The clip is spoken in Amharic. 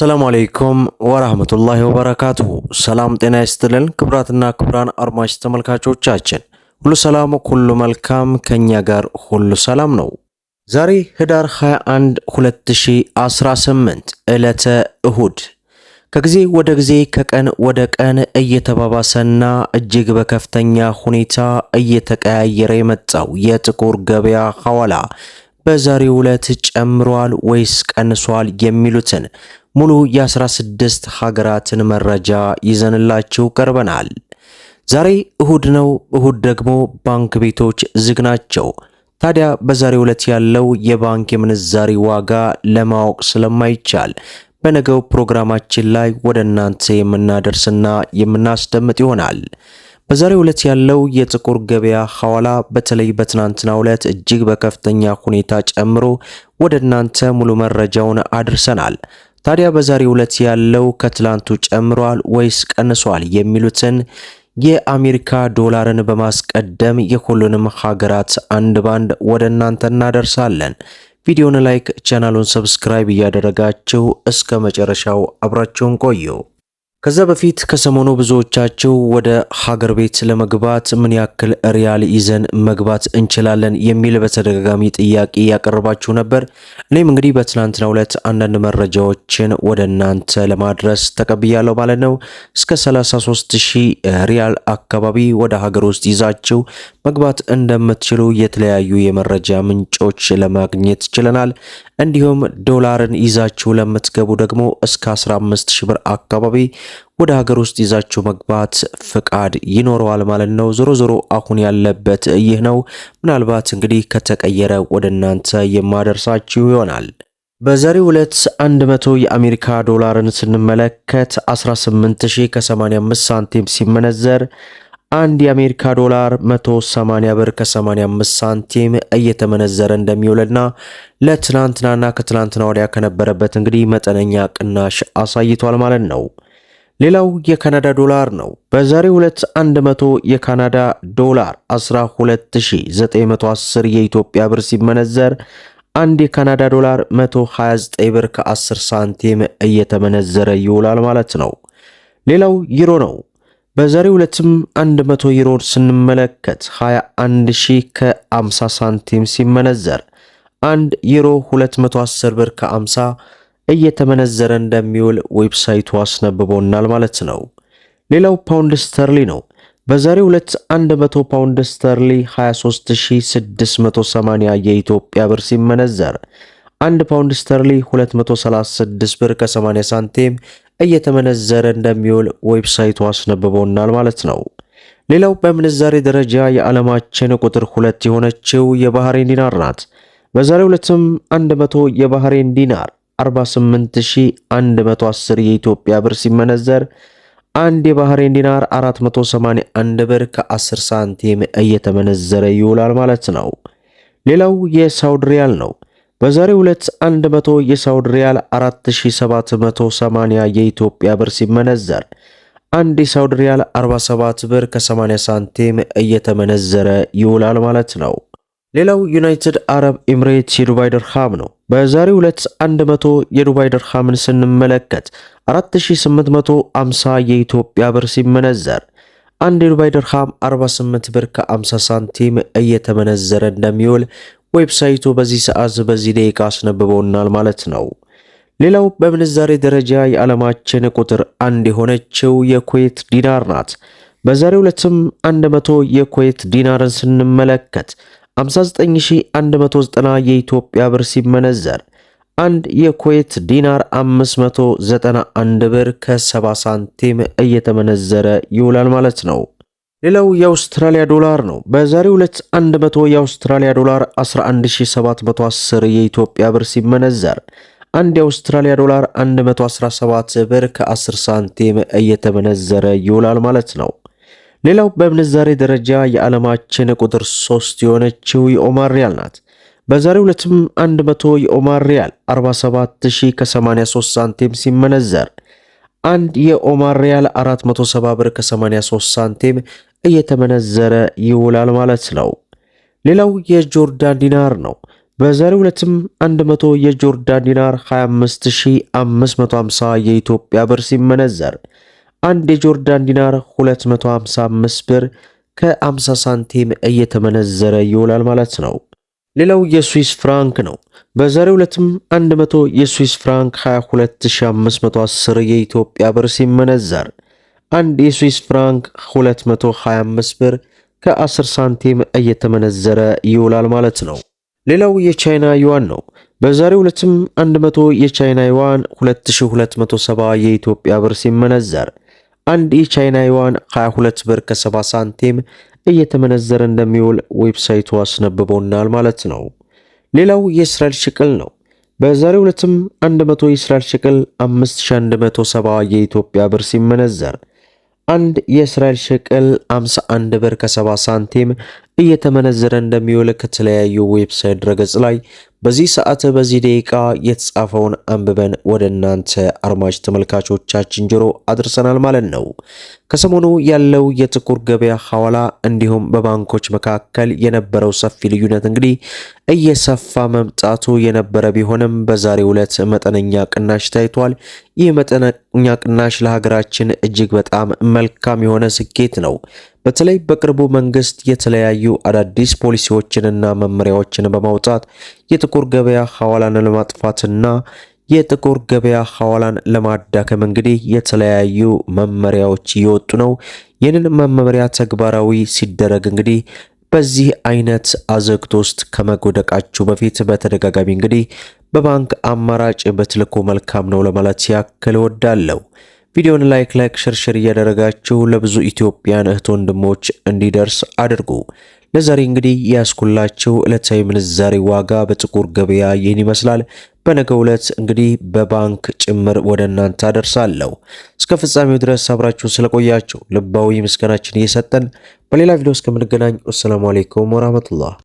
ሰላሙ አለይኩም ወራህመቱላሂ ወበረካቱሁ። ሰላም ጤና ይስጥልን ክብራትና ክብራን አድማጭ ተመልካቾቻችን ሁሉ ሰላም ሁሉ መልካም፣ ከኛ ጋር ሁሉ ሰላም ነው። ዛሬ ህዳር 21 2018 ዕለተ እሁድ ከጊዜ ወደ ጊዜ ከቀን ወደ ቀን እየተባባሰና እጅግ በከፍተኛ ሁኔታ እየተቀያየረ የመጣው የጥቁር ገበያ ሐዋላ በዛሬው ዕለት ጨምሯል ወይስ ቀንሷል የሚሉትን ሙሉ የ16 ሀገራትን መረጃ ይዘንላችሁ ቀርበናል። ዛሬ እሁድ ነው። እሁድ ደግሞ ባንክ ቤቶች ዝግ ናቸው። ታዲያ በዛሬው ዕለት ያለው የባንክ የምንዛሪ ዋጋ ለማወቅ ስለማይቻል በነገው ፕሮግራማችን ላይ ወደ እናንተ የምናደርስና የምናስደምጥ ይሆናል። በዛሬው ዕለት ያለው የጥቁር ገበያ ሐዋላ በተለይ በትናንትናው ዕለት እጅግ በከፍተኛ ሁኔታ ጨምሮ ወደ እናንተ ሙሉ መረጃውን አድርሰናል። ታዲያ በዛሬው ዕለት ያለው ከትላንቱ ጨምሯል ወይስ ቀንሷል የሚሉትን የአሜሪካ ዶላርን በማስቀደም የሁሉንም ሀገራት አንድ ባንድ ወደ እናንተ እናደርሳለን። ቪዲዮን ላይክ፣ ቻናሉን ሰብስክራይብ እያደረጋችሁ እስከ መጨረሻው አብራችሁን ቆዩ። ከዛ በፊት ከሰሞኑ ብዙዎቻችሁ ወደ ሀገር ቤት ለመግባት ምን ያክል ሪያል ይዘን መግባት እንችላለን የሚል በተደጋጋሚ ጥያቄ ያቀርባችሁ ነበር። እኔም እንግዲህ በትናንትናው ዕለት አንዳንድ መረጃዎችን ወደ እናንተ ለማድረስ ተቀብያለሁ ማለት ነው። እስከ 33 ሺህ ሪያል አካባቢ ወደ ሀገር ውስጥ ይዛችሁ መግባት እንደምትችሉ የተለያዩ የመረጃ ምንጮች ለማግኘት ችለናል። እንዲሁም ዶላርን ይዛችሁ ለምትገቡ ደግሞ እስከ 15 ሺህ ብር አካባቢ ወደ ሀገር ውስጥ ይዛችሁ መግባት ፍቃድ ይኖረዋል ማለት ነው። ዞሮ ዞሮ አሁን ያለበት ይህ ነው። ምናልባት እንግዲህ ከተቀየረ ወደ እናንተ የማደርሳችሁ ይሆናል። በዛሬ ሁለት 100 የአሜሪካ ዶላርን ስንመለከት 18 ከ ከ85 ሳንቲም ሲመነዘር አንድ የአሜሪካ ዶላር 180 ብር ከ85 ሳንቲም እየተመነዘረ እንደሚውልና ለትናንትናና ከትናንትና ወዲያ ከነበረበት እንግዲህ መጠነኛ ቅናሽ አሳይቷል ማለት ነው። ሌላው የካናዳ ዶላር ነው። በዛሬው ዕለት 100 የካናዳ ዶላር 12910 የኢትዮጵያ ብር ሲመነዘር አንድ የካናዳ ዶላር 129 ብር ከ10 ሳንቲም እየተመነዘረ ይውላል ማለት ነው። ሌላው ዩሮ ነው። በዛሬው ዕለትም 100 ዩሮን ስንመለከት 21 ሺህ ከ50 ሳንቲም ሲመነዘር 1 ዩሮ 210 ብር ከ50 እየተመነዘረ እንደሚውል ዌብሳይቱ አስነብቦናል ማለት ነው። ሌላው ፓውንድ ስተርሊ ነው። በዛሬው ዕለት 100 ፓውንድ ስተርሊ 23680 የኢትዮጵያ ብር ሲመነዘር አንድ ፓውንድ ስተርሊ 236 ብር ከ80 ሳንቲም እየተመነዘረ እንደሚውል ዌብሳይቱ አስነብቦናል ማለት ነው። ሌላው በምንዛሬ ደረጃ የዓለማችን ቁጥር ሁለት የሆነችው የባህሬን ዲናር ናት። በዛሬ ዕለትም 100 የባህሬን ዲናር 48110 የኢትዮጵያ ብር ሲመነዘር አንድ የባህሬን ዲናር 481 ብር ከ10 ሳንቲም እየተመነዘረ ይውላል ማለት ነው። ሌላው የሳውዲ ሪያል ነው። በዛሬ ዕለት 100 የሳውዲ ሪያል 4780 የኢትዮጵያ ብር ሲመነዘር አንድ የሳውዲ ሪያል 47 ብር ከ80 ሳንቲም እየተመነዘረ ይውላል ማለት ነው። ሌላው ዩናይትድ አረብ ኤምሬትስ የዱባይ ድርሃም ነው። በዛሬ ዕለት 100 የዱባይ ድርሃምን ስንመለከት 4850 የኢትዮጵያ ብር ሲመነዘር አንድ የዱባይ ድርሃም 48 ብር ከ50 ሳንቲም እየተመነዘረ እንደሚውል ዌብሳይቱ በዚህ ሰዓት በዚህ ደቂቃ አስነብበውናል ማለት ነው። ሌላው በምንዛሬ ደረጃ የዓለማችን ቁጥር አንድ የሆነችው የኩዌት ዲናር ናት። በዛሬው ዕለትም 100 የኩዌት ዲናርን ስንመለከት 59190 የኢትዮጵያ ብር ሲመነዘር አንድ የኩዌት ዲናር 591 ብር ከ70 ሳንቲም እየተመነዘረ ይውላል ማለት ነው። ሌላው የአውስትራሊያ ዶላር ነው። በዛሬው ዕለት 100 የአውስትራሊያ ዶላር 11710 የኢትዮጵያ ብር ሲመነዘር አንድ የአውስትራሊያ ዶላር 117 ብር ከ10 ሳንቲም እየተመነዘረ ይውላል ማለት ነው። ሌላው በምንዛሬ ደረጃ የዓለማችን ቁጥር 3 የሆነችው የኦማር ሪያል ናት። በዛሬው ዕለትም 100 የኦማር ሪያል 47083 ሳንቲም ሲመነዘር አንድ የኦማር ሪያል 470 ብር ከ83 ሳንቲም እየተመነዘረ ይውላል ማለት ነው። ሌላው የጆርዳን ዲናር ነው። በዛሬው ዕለትም 100 የጆርዳን ዲናር 25550 የኢትዮጵያ ብር ሲመነዘር አንድ የጆርዳን ዲናር 255 ብር ከ50 ሳንቲም እየተመነዘረ ይውላል ማለት ነው። ሌላው የስዊስ ፍራንክ ነው። በዛሬው ዕለትም 100 የስዊስ ፍራንክ 22510 የኢትዮጵያ ብር ሲመነዘር አንድ የስዊስ ፍራንክ 225 ብር ከ10 ሳንቲም እየተመነዘረ ይውላል ማለት ነው። ሌላው የቻይና ዩዋን ነው። በዛሬው ዕለትም 100 የቻይና ዩዋን 2270 የኢትዮጵያ ብር ሲመነዘር አንድ የቻይና ዩዋን 22 ብር ከ70 ሳንቲም እየተመነዘረ እንደሚውል ዌብሳይቱ አስነብቦናል ማለት ነው። ሌላው የእስራኤል ሽቅል ነው። በዛሬው ዕለትም 100 የእስራኤል ሽቅል 5170 የኢትዮጵያ ብር ሲመነዘር አንድ የእስራኤል ሽቅል 51 ብር ከ70 ሳንቲም እየተመነዘረ እንደሚውል ከተለያዩ ዌብሳይት ድረገጽ ላይ በዚህ ሰዓት በዚህ ደቂቃ የተጻፈውን አንብበን ወደ እናንተ አድማጭ ተመልካቾቻችን ጆሮ አድርሰናል ማለት ነው። ከሰሞኑ ያለው የጥቁር ገበያ ሐዋላ እንዲሁም በባንኮች መካከል የነበረው ሰፊ ልዩነት እንግዲህ እየሰፋ መምጣቱ የነበረ ቢሆንም በዛሬው ዕለት መጠነኛ ቅናሽ ታይቷል። ይህ መጠነኛ ቅናሽ ለሀገራችን እጅግ በጣም መልካም የሆነ ስኬት ነው። በተለይ በቅርቡ መንግስት የተለያዩ አዳዲስ ፖሊሲዎችንና መመሪያዎችን በማውጣት የጥቁር ገበያ ሐዋላን ለማጥፋትና የጥቁር ገበያ ሐዋላን ለማዳከም እንግዲህ የተለያዩ መመሪያዎች እየወጡ ነው። ይህንን መመሪያ ተግባራዊ ሲደረግ እንግዲህ በዚህ አይነት አዘግቶ ውስጥ ከመጎደቃችሁ በፊት በተደጋጋሚ እንግዲህ በባንክ አማራጭ ብትልኩ መልካም ነው ለማለት ያክል እወዳለሁ። ቪዲዮን ላይክ ላይክ ሽርሽር እያደረጋችሁ ለብዙ ኢትዮጵያን እህት ወንድሞች እንዲደርስ አድርጉ። ለዛሬ እንግዲህ ያስኩላችሁ ዕለታዊ ምንዛሬ ዋጋ በጥቁር ገበያ ይህን ይመስላል። በነገ ዕለት እንግዲህ በባንክ ጭምር ወደ እናንተ አደርሳለሁ። እስከ ፍጻሜው ድረስ አብራችሁን ስለቆያችሁ ልባዊ ምስጋናችን እየሰጠን በሌላ ቪዲዮ እስከምንገናኝ ወሰላሙ አሌይኩም ወራህመቱላህ